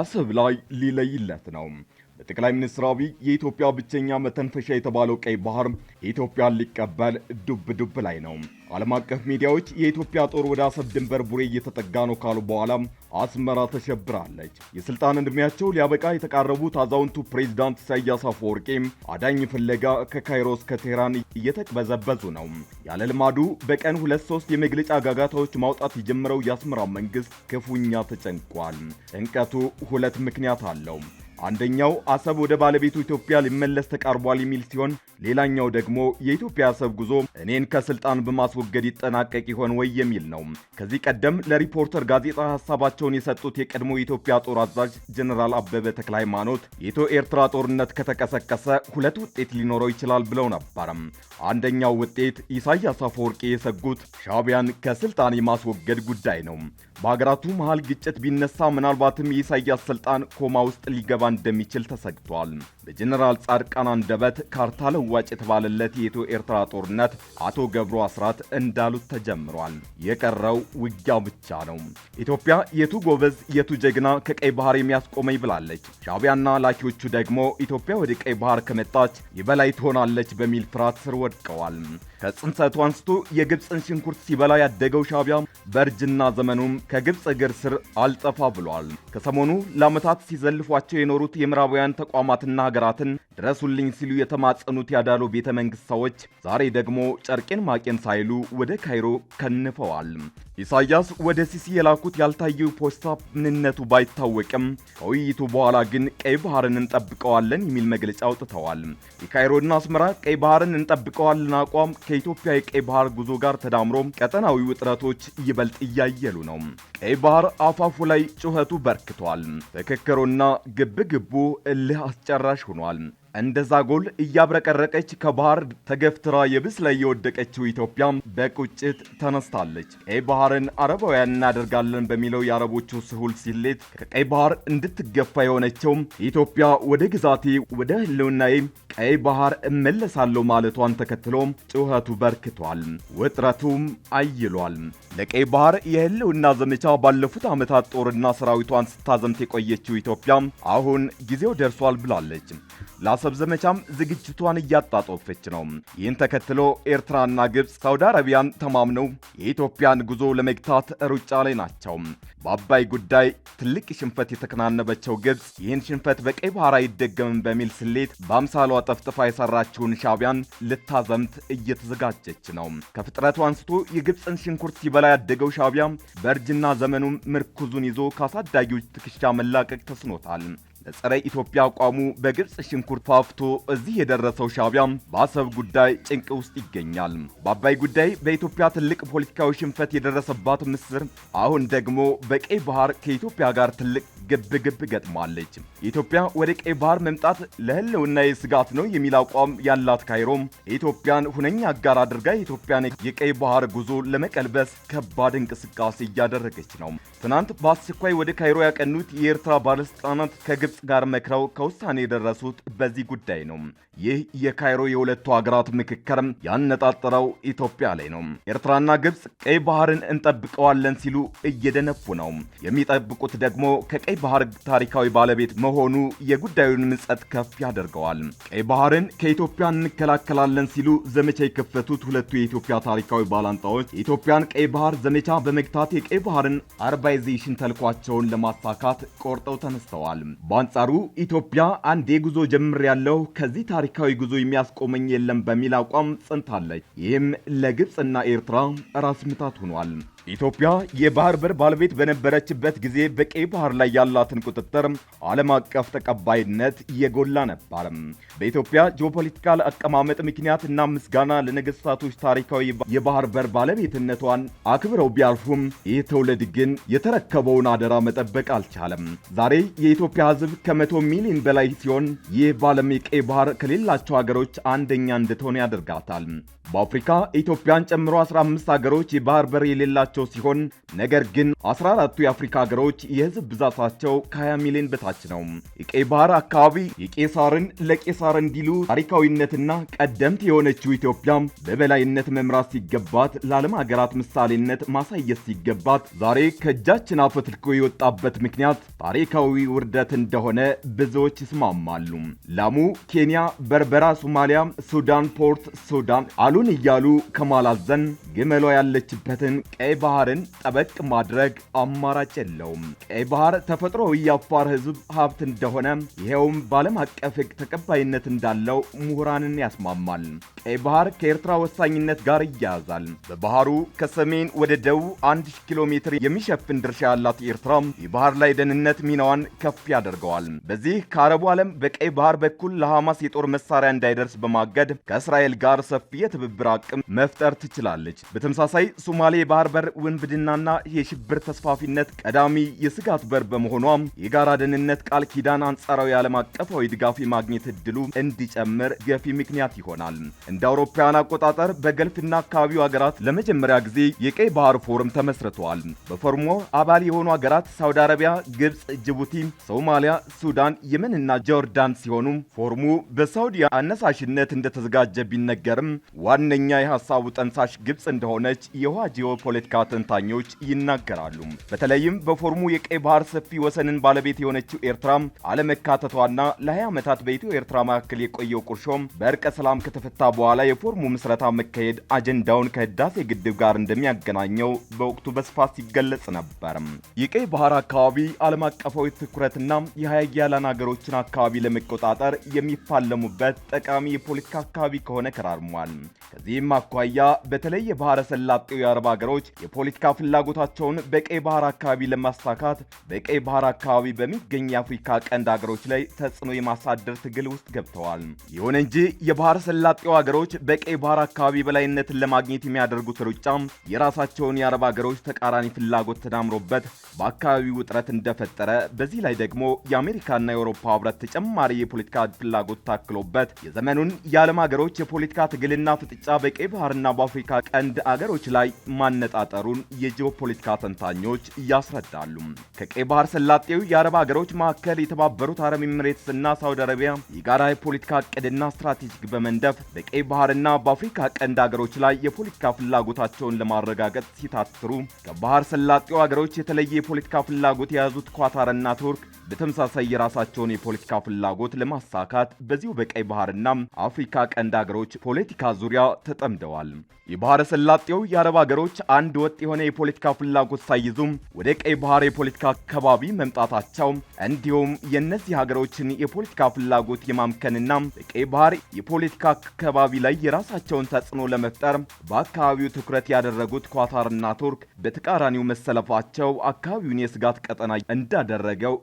አሰብ ላይ ሊለይለት ነው። ለጠቅላይ ሚኒስትር አብይ የኢትዮጵያ ብቸኛ መተንፈሻ የተባለው ቀይ ባህር ኢትዮጵያን ሊቀበል ዱብ ዱብ ላይ ነው። ዓለም አቀፍ ሚዲያዎች የኢትዮጵያ ጦር ወደ አሰብ ድንበር ቡሬ እየተጠጋ ነው ካሉ በኋላ አስመራ ተሸብራለች። የስልጣን ዕድሜያቸው ሊያበቃ የተቃረቡት አዛውንቱ ፕሬዚዳንት ኢሳያስ አፈወርቂ አዳኝ ፍለጋ ከካይሮ እስከ ቴህራን እየተቅበዘበዙ ነው። ያለ ልማዱ በቀን ሁለት ሶስት የመግለጫ ጋጋታዎች ማውጣት የጀመረው የአስመራ መንግስት ክፉኛ ተጨንቋል። ጭንቀቱ ሁለት ምክንያት አለው። አንደኛው አሰብ ወደ ባለቤቱ ኢትዮጵያ ሊመለስ ተቃርቧል የሚል ሲሆን ሌላኛው ደግሞ የኢትዮጵያ አሰብ ጉዞ እኔን ከስልጣን በማስወገድ ይጠናቀቅ ይሆን ወይ የሚል ነው። ከዚህ ቀደም ለሪፖርተር ጋዜጣ ሀሳባቸውን የሰጡት የቀድሞ የኢትዮጵያ ጦር አዛዥ ጀኔራል አበበ ተክለ ሃይማኖት የኢትዮ ኤርትራ ጦርነት ከተቀሰቀሰ ሁለት ውጤት ሊኖረው ይችላል ብለው ነበር። አንደኛው ውጤት ኢሳያስ አፈወርቂ የሰጉት ሻቢያን ከስልጣን የማስወገድ ጉዳይ ነው። በሀገራቱ መሀል ግጭት ቢነሳ ምናልባትም የኢሳያስ ስልጣን ኮማ ውስጥ ሊገባ እንደሚችል ተሰግቷል። በጀነራል ጻድቃን አንደበት ካርታ ለዋጭ የተባለለት የኢትዮ ኤርትራ ጦርነት አቶ ገብሩ አስራት እንዳሉት ተጀምሯል። የቀረው ውጊያው ብቻ ነው። ኢትዮጵያ የቱ ጎበዝ የቱ ጀግና ከቀይ ባህር የሚያስቆመኝ ብላለች። ሻቢያና ላኪዎቹ ደግሞ ኢትዮጵያ ወደ ቀይ ባህር ከመጣች የበላይ ትሆናለች በሚል ፍርሃት ስር ወድቀዋል። ከጽንሰቱ አንስቶ የግብፅን ሽንኩርት ሲበላ ያደገው ሻቢያ በእርጅና ዘመኑም ከግብፅ እግር ስር አልጠፋ ብሏል። ከሰሞኑ ለዓመታት ሲዘልፏቸው የኖሩት የምዕራባውያን ተቋማትና ሀገራትን ድረሱልኝ ሲሉ የተማጸኑት ያዳሎ ቤተ መንግስት ሰዎች ዛሬ ደግሞ ጨርቄን ማቄን ሳይሉ ወደ ካይሮ ከንፈዋል። ኢሳያስ ወደ ሲሲ የላኩት ያልታየው ፖስታ ምንነቱ ባይታወቅም ከውይይቱ በኋላ ግን ቀይ ባህርን እንጠብቀዋለን የሚል መግለጫ አውጥተዋል። የካይሮና አስመራ ቀይ ባህርን እንጠብቀዋለን አቋም ከኢትዮጵያ የቀይ ባህር ጉዞ ጋር ተዳምሮ ቀጠናዊ ውጥረቶች ይበልጥ እያየሉ ነው። ቀይ ባህር አፋፉ ላይ ጩኸቱ በርክቷል። ፍክክሩና ግብግቡ እልህ አስጨራሽ ሆኗል። እንደ ዛጎል እያብረቀረቀች ከባህር ተገፍትራ የብስ ላይ የወደቀችው ኢትዮጵያ በቁጭት ተነስታለች። ቀይ ባህርን አረባውያን እናደርጋለን በሚለው የአረቦቹ ስሁል ሲሌት ከቀይ ባህር እንድትገፋ የሆነችውም ኢትዮጵያ ወደ ግዛቴ ወደ ሕልውናዬ ቀይ ባህር እመለሳለሁ ማለቷን ተከትሎም ጩኸቱ በርክቷል፣ ውጥረቱም አይሏል። ለቀይ ባህር የህልውና ዘመቻ ባለፉት ዓመታት ጦርና ሰራዊቷን ስታዘምት የቆየችው ኢትዮጵያ አሁን ጊዜው ደርሷል ብላለች። የማሰባሰብ ዘመቻም ዝግጅቷን እያጣጦፈች ነው። ይህን ተከትሎ ኤርትራና ግብፅ ሳውዲ አረቢያን ተማምነው የኢትዮጵያን ጉዞ ለመግታት ሩጫ ላይ ናቸው። በአባይ ጉዳይ ትልቅ ሽንፈት የተከናነበቸው ግብፅ ይህን ሽንፈት በቀይ ባህር አይደገምም በሚል ስሌት በአምሳሏ ጠፍጥፋ የሰራችውን ሻቢያን ልታዘምት እየተዘጋጀች ነው። ከፍጥረቱ አንስቶ የግብፅን ሽንኩርት ሲበላ ያደገው ሻቢያ በእርጅና ዘመኑም ምርኩዙን ይዞ ከአሳዳጊዎች ትከሻ መላቀቅ ተስኖታል። ለጸረ ኢትዮጵያ አቋሙ በግብጽ ሽንኩርት ፋፍቶ እዚህ የደረሰው ሻቢያ በአሰብ ጉዳይ ጭንቅ ውስጥ ይገኛል። በአባይ ጉዳይ በኢትዮጵያ ትልቅ ፖለቲካዊ ሽንፈት የደረሰባት ምስር አሁን ደግሞ በቀይ ባህር ከኢትዮጵያ ጋር ትልቅ ግብ ግብ ገጥማለች። ኢትዮጵያ ወደ ቀይ ባህር መምጣት ለህልውና ስጋት ነው የሚል አቋም ያላት ካይሮም የኢትዮጵያን ሁነኛ አጋር አድርጋ የኢትዮጵያን የቀይ ባህር ጉዞ ለመቀልበስ ከባድ እንቅስቃሴ እያደረገች ነው። ትናንት በአስቸኳይ ወደ ካይሮ ያቀኑት የኤርትራ ባለስልጣናት ከግብፅ ጋር መክረው ከውሳኔ የደረሱት በዚህ ጉዳይ ነው። ይህ የካይሮ የሁለቱ ሀገራት ምክክር ያነጣጠረው ኢትዮጵያ ላይ ነው። ኤርትራና ግብፅ ቀይ ባህርን እንጠብቀዋለን ሲሉ እየደነፉ ነው። የሚጠብቁት ደግሞ ከቀይ ባህር ታሪካዊ ባለቤት መሆኑ የጉዳዩን ምጸት ከፍ ያደርገዋል። ቀይ ባህርን ከኢትዮጵያ እንከላከላለን ሲሉ ዘመቻ የከፈቱት ሁለቱ የኢትዮጵያ ታሪካዊ ባላንጣዎች የኢትዮጵያን ቀይ ባህር ዘመቻ በመግታት የቀይ ባህርን አርባይዜሽን ተልኳቸውን ለማሳካት ቆርጠው ተነስተዋል። በአንጻሩ ኢትዮጵያ አንዴ ጉዞ ጀምር ያለው ከዚህ ታሪካዊ ጉዞ የሚያስቆመኝ የለም በሚል አቋም ጸንታለች። ይህም ለግብፅና ኤርትራ ራስ ምታት ሆኗል። ኢትዮጵያ የባህር በር ባለቤት በነበረችበት ጊዜ በቀይ ባህር ላይ ያላትን ቁጥጥር ዓለም አቀፍ ተቀባይነት የጎላ ነበር። በኢትዮጵያ ጂኦፖለቲካል አቀማመጥ ምክንያት እና ምስጋና ለነገስታቶች ታሪካዊ የባህር በር ባለቤትነቷን አክብረው ቢያልፉም ይህ ትውልድ ግን የተረከበውን አደራ መጠበቅ አልቻለም። ዛሬ የኢትዮጵያ ሕዝብ ከመቶ ሚሊዮን በላይ ሲሆን ይህ በዓለም የቀይ ባህር ከሌላቸው ሀገሮች አንደኛ እንድትሆን ያደርጋታል። በአፍሪካ ኢትዮጵያን ጨምሮ 15 ሀገሮች የባህር በር የሌላቸው ያላቸው ሲሆን ነገር ግን 14ቱ የአፍሪካ ሀገሮች የህዝብ ብዛታቸው ከ20 ሚሊዮን በታች ነው። የቀይ ባህር አካባቢ የቄሳርን ለቄሳር እንዲሉ ታሪካዊነትና ቀደምት የሆነችው ኢትዮጵያ በበላይነት መምራት ሲገባት፣ ለዓለም ሀገራት ምሳሌነት ማሳየት ሲገባት ዛሬ ከእጃችን አፈትልኮ የወጣበት ምክንያት ታሪካዊ ውርደት እንደሆነ ብዙዎች ይስማማሉ። ላሙ ኬንያ፣ በርበራ ሶማሊያ፣ ሱዳን፣ ፖርት ሱዳን አሉን እያሉ ከማላዘን ግመሏ ያለችበትን ቀይ ባህርን ጠበቅ ማድረግ አማራጭ የለውም። ቀይ ባህር ተፈጥሮዊ የአፋር ህዝብ ሀብት እንደሆነ ይኸውም በዓለም አቀፍ ህግ ተቀባይነት እንዳለው ምሁራንን ያስማማል። ቀይ ባህር ከኤርትራ ወሳኝነት ጋር ይያያዛል። በባህሩ ከሰሜን ወደ ደቡብ 1000 ኪሎ ሜትር የሚሸፍን ድርሻ ያላት ኤርትራ የባህር ላይ ደህንነት ሚናዋን ከፍ ያደርገዋል። በዚህ ከአረቡ ዓለም በቀይ ባህር በኩል ለሐማስ የጦር መሳሪያ እንዳይደርስ በማገድ ከእስራኤል ጋር ሰፊ የትብብር አቅም መፍጠር ትችላለች። በተመሳሳይ ሶማሌ የባህር በር ውንብድናና የሽብር ተስፋፊነት ቀዳሚ የስጋት በር በመሆኗም የጋራ ደህንነት ቃል ኪዳን አንጻራዊ ዓለም አቀፋዊ ድጋፍ የማግኘት እድሉ እንዲጨምር ገፊ ምክንያት ይሆናል። እንደ አውሮፓውያን አቆጣጠር በገልፍና አካባቢው ሀገራት ለመጀመሪያ ጊዜ የቀይ ባህር ፎረም ተመስርተዋል። በፎርሞ አባል የሆኑ ሀገራት ሳውዲ አረቢያ፣ ግብፅ፣ ጅቡቲ፣ ሶማሊያ፣ ሱዳን፣ የመንና ጆርዳን ሲሆኑ ፎርሙ በሳውዲ አነሳሽነት እንደተዘጋጀ ቢነገርም ዋነኛ የሀሳቡ ጠንሳሽ ግብፅ እንደሆነች የውሃ ጂኦፖለቲካ ተንታኞች ይናገራሉ። በተለይም በፎርሙ የቀይ ባህር ሰፊ ወሰንን ባለቤት የሆነችው ኤርትራ አለመካተቷና ለ20 ዓመታት በኢትዮ ኤርትራ መካከል የቆየው ቁርሾም በእርቀ ሰላም ከተፈታ በኋላ የፎርሙ ምስረታ መካሄድ አጀንዳውን ከህዳሴ ግድብ ጋር እንደሚያገናኘው በወቅቱ በስፋት ሲገለጽ ነበር። የቀይ ባህር አካባቢ ዓለም አቀፋዊ ትኩረትና የሀያላን ሀገሮችን አካባቢ ለመቆጣጠር የሚፋለሙበት ጠቃሚ የፖለቲካ አካባቢ ከሆነ ከራርሟል። ከዚህም አኳያ በተለይ የባህረ ሰላጤው የአረብ ሀገሮች የፖለቲካ ፍላጎታቸውን በቀይ ባህር አካባቢ ለማሳካት በቀይ ባህር አካባቢ በሚገኝ የአፍሪካ ቀንድ አገሮች ላይ ተጽዕኖ የማሳደር ትግል ውስጥ ገብተዋል። ይሁን እንጂ የባህር ሰላጤው አገሮች በቀይ ባህር አካባቢ በላይነትን ለማግኘት የሚያደርጉት ሩጫ የራሳቸውን የአረብ አገሮች ተቃራኒ ፍላጎት ተዳምሮበት በአካባቢው ውጥረት እንደፈጠረ፣ በዚህ ላይ ደግሞ የአሜሪካና የአውሮፓ ህብረት ተጨማሪ የፖለቲካ ፍላጎት ታክሎበት የዘመኑን የዓለም አገሮች የፖለቲካ ትግልና ፍጥጫ በቀይ ባህርና በአፍሪካ ቀንድ አገሮች ላይ ማነጣጠሩ መፈጠሩን የጂኦፖለቲካ ተንታኞች ያስረዳሉ። ከቀይ ባህር ሰላጤው የአረብ ሀገሮች መካከል የተባበሩት አረብ ኤምሬትስ እና ሳውዲ አረቢያ የጋራ የፖለቲካ እቅድና ስትራቴጂክ በመንደፍ በቀይ ባህርና በአፍሪካ ቀንድ ሀገሮች ላይ የፖለቲካ ፍላጎታቸውን ለማረጋገጥ ሲታትሩ ከባህር ሰላጤው ሀገሮች የተለየ የፖለቲካ ፍላጎት የያዙት ኳታርና ቱርክ በተመሳሳይ የራሳቸውን የፖለቲካ ፍላጎት ለማሳካት በዚሁ በቀይ ባህርና አፍሪካ ቀንድ ሀገሮች ፖለቲካ ዙሪያ ተጠምደዋል። የባህረ ሰላጤው የአረብ ሀገሮች አንድ ወ ወጥ የሆነ የፖለቲካ ፍላጎት ሳይዙ ወደ ቀይ ባህር የፖለቲካ አካባቢ መምጣታቸው እንዲሁም የእነዚህ ሀገሮችን የፖለቲካ ፍላጎት የማምከንና በቀይ ባህር የፖለቲካ አካባቢ ላይ የራሳቸውን ተጽዕኖ ለመፍጠር በአካባቢው ትኩረት ያደረጉት ኳታርና ቱርክ በተቃራኒው መሰለፋቸው አካባቢውን የስጋት ቀጠና እንዳደረገው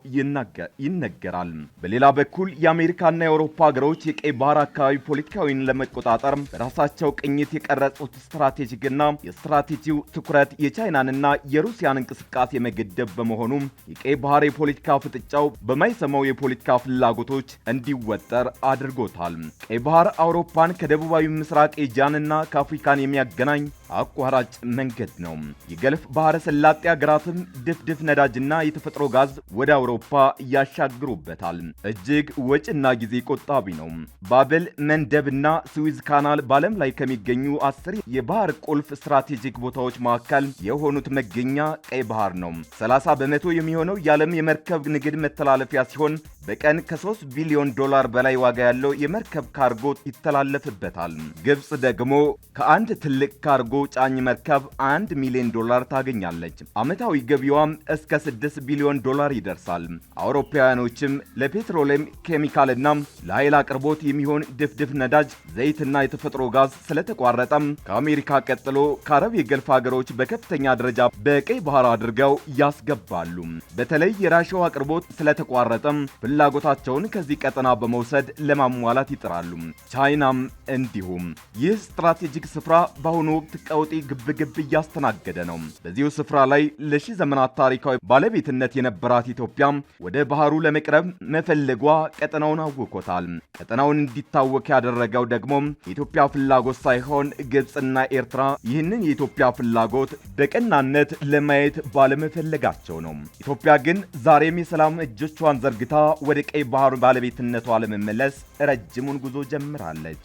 ይነገራል። በሌላ በኩል የአሜሪካና የአውሮፓ ሀገሮች የቀይ ባህር አካባቢ ፖለቲካዊን ለመቆጣጠር በራሳቸው ቅኝት የቀረጹት ስትራቴጂክና የስትራቴጂው ትኩረት የቻይናንና የሩሲያን እንቅስቃሴ መገደብ በመሆኑም የቀይ ባህር የፖለቲካ ፍጥጫው በማይሰማው የፖለቲካ ፍላጎቶች እንዲወጠር አድርጎታል። ቀይ ባህር አውሮፓን ከደቡባዊ ምስራቅ ኤጂያንና ከአፍሪካን የሚያገናኝ አቋራጭ መንገድ ነው። የገልፍ ባህረ ሰላጤ ሀገራትም ድፍድፍ ነዳጅና የተፈጥሮ ጋዝ ወደ አውሮፓ ያሻግሩበታል። እጅግ ወጪና ጊዜ ቆጣቢ ነው። ባብል መንደብና ስዊዝ ካናል በዓለም ላይ ከሚገኙ አስር የባህር ቁልፍ ስትራቴጂክ ቦታዎች መካከል የሆኑት መገኛ ቀይ ባህር ነው። 30 በመቶ የሚሆነው የዓለም የመርከብ ንግድ መተላለፊያ ሲሆን በቀን ከ3 ቢሊዮን ዶላር በላይ ዋጋ ያለው የመርከብ ካርጎ ይተላለፍበታል። ግብፅ ደግሞ ከአንድ ትልቅ ካርጎ ጫኝ መርከብ 1 ሚሊዮን ዶላር ታገኛለች። ዓመታዊ ገቢዋም እስከ 6 ቢሊዮን ዶላር ይደርሳል። አውሮፓውያኖችም ለፔትሮሌም ኬሚካልና ለኃይል አቅርቦት የሚሆን ድፍድፍ ነዳጅ፣ ዘይትና የተፈጥሮ ጋዝ ስለተቋረጠም ከአሜሪካ ቀጥሎ ከአረብ የገልፍ ሀገሮች በከፍተኛ ደረጃ በቀይ ባህር አድርገው ያስገባሉ። በተለይ የራሻው አቅርቦት ስለተቋረጠም ፍላጎታቸውን ከዚህ ቀጠና በመውሰድ ለማሟላት ይጥራሉ። ቻይናም እንዲሁም። ይህ ስትራቴጂክ ስፍራ በአሁኑ ወቅት ቀውጢ ግብግብ እያስተናገደ ነው። በዚሁ ስፍራ ላይ ለሺህ ዘመናት ታሪካዊ ባለቤትነት የነበራት ኢትዮጵያ ወደ ባህሩ ለመቅረብ መፈለጓ ቀጠናውን አውኮታል። ቀጠናውን እንዲታወክ ያደረገው ደግሞ የኢትዮጵያ ፍላጎት ሳይሆን ግብፅና ኤርትራ ይህንን የኢትዮጵያ ፍላጎት በቀናነት ለማየት ባለመፈለጋቸው ነው። ኢትዮጵያ ግን ዛሬም የሰላም እጆቿን ዘርግታ ወደ ቀይ ባህሩ ባለቤትነቷ ለመመለስ ረጅሙን ጉዞ ጀምራለች።